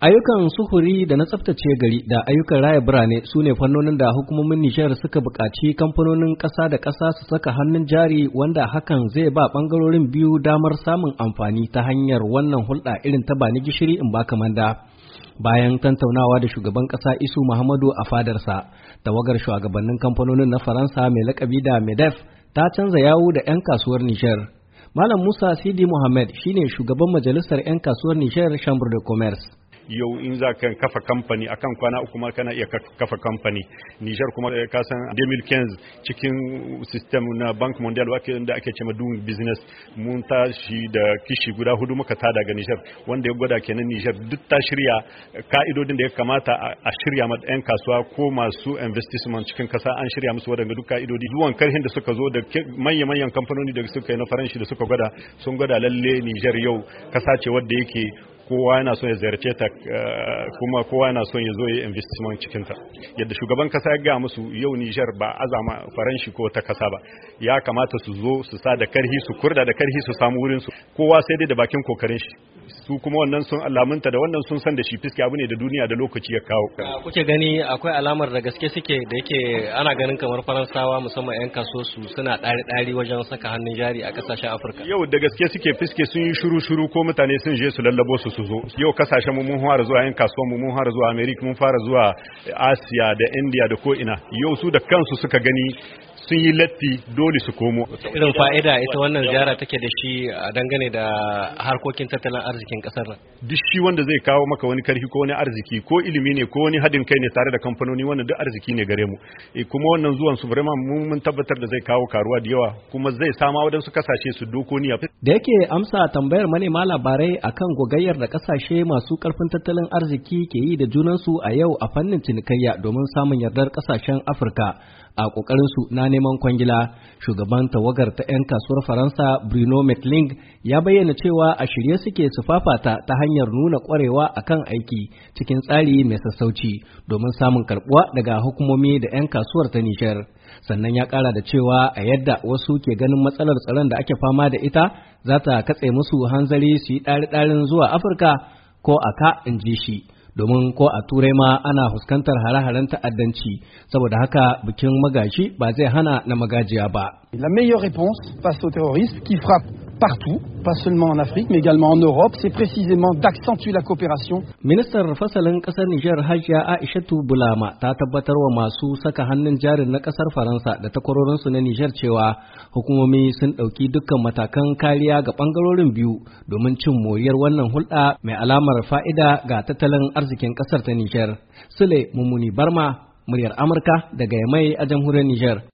Ayyukan sufuri da na tsaftace gari da ayyukan raya birane su ne fannonin da hukumomin Nijar suka buƙaci kamfanonin ƙasa da ƙasa su saka hannun jari wanda hakan zai ba ɓangarorin biyu damar samun amfani ta hanyar wannan hulɗa irin ta bani gishiri in ba kamanda. Bayan tantaunawa da shugaban ƙasa Isu Muhammadu a fadarsa, tawagar shugabannin kamfanonin na Faransa mai lakabi da MEDEF ta canza yawo da 'yan kasuwar Nijar. Malam Musa Sidi Mohammed shine shugaban majalisar 'yan kasuwar Nijar Chambre de Commerce. yau in za ka kafa kamfani kan kwana uku ma kana iya kafa kamfani Nijar kuma eh, ka san kenz cikin system na Bank Mondial da ake cewa doing business mun tashi da kishi guda hudu muka ta daga Nijar wanda ya gwada kenan Nijar duk ta shirya eh, ka'idodin da ya kamata a shirya ma 'yan kasuwa ko masu investment cikin kasa an shirya musu waɗanda duk ka'idodi duwan karhin da suka zo da manya-manyan kamfanoni da suka yi na faranshi da suka gwada sun gwada lalle Nijar yau kasa ce wadda yake kowa yana son ya ziyarce ta eh, kuma kowa yana son ya zo ya investment cikin ta yadda shugaban kasa ya ga musu yau Niger ba azama faranshi ko ta kasa ba ya kamata su zo su sa da karhi su kurda da karhi su samu wurin su kowa sai dai da bakin kokarin shi su kuma wannan sun alamunta da wannan sun san da shi fiske abu ne da duniya da lokaci ya kawo kuke gani akwai alamar da gaske suke da yake ana ganin kamar faransawa musamman yan kaso su suna ɗari ɗari wajen saka hannun jari a kasashen afirka yau da gaske suke fiske sun yi shuru shuru ko mutane sun je su lallabo su su zo yau kasashen mu mun fara zuwa yan kasuwan mu mun fara zuwa America mun fara zuwa Asiya da India da ko ina yau su da kansu suka gani sun yi latti dole su komo irin fa'ida ita wannan ziyara take da shi a dangane da harkokin tattalin arzikin kasar nan duk shi wanda zai kawo maka wani karfi ko wani arziki ko ilimi ne ko wani hadin kai ne tare da kamfanoni wannan duk arziki ne gare mu e kuma wannan zuwan su mun tabbatar da zai kawo karuwa da yawa kuma zai sama wadansu kasashe su dokoniya da yake amsa tambayar manema labarai akan gogayyar da kasashe masu karfin tattalin arziki ke yi da junansu a yau a fannin cinikayya domin samun yardar kasashen Afirka a kokarin su na neman kwangila shugaban tawagar ta 'yan kasuwar faransa bruno metling ya bayyana cewa a shirye suke su fafata ta hanyar nuna kwarewa a kan aiki cikin tsari mai sassauci domin samun karbuwa daga hukumomi da 'yan kasuwar ta nishar sannan ya kara da cewa a yadda wasu ke ganin matsalar tsaron da ake fama da ita za ta katse musu hanzari su yi ɗari-ɗarin zuwa afirka ko aka in ji shi domin ko a turai ma ana fuskantar hare-haren ta'addanci saboda haka bikin magashi ba zai hana na magajiya ba. La meilleure réponse face au terrorisme qui frappe partout, pas seulement en Afrique, mais également en Europe, c'est précisément d'accentuer la coopération. Ministar fasalin kasar Nijar Hajiya Aishatu Bulama ta tabbatar wa masu saka hannun jarin na kasar Faransa da takwarorinsu na Nijar cewa hukumomi sun ɗauki dukkan matakan kariya ga ɓangarorin biyu domin cin moriyar wannan hulɗa mai alamar fa'ida ga tattalin arzikin kasar ta Nijar. Sule Mumuni Barma, muryar Amurka daga Yamai a jamhuriyar Nijar.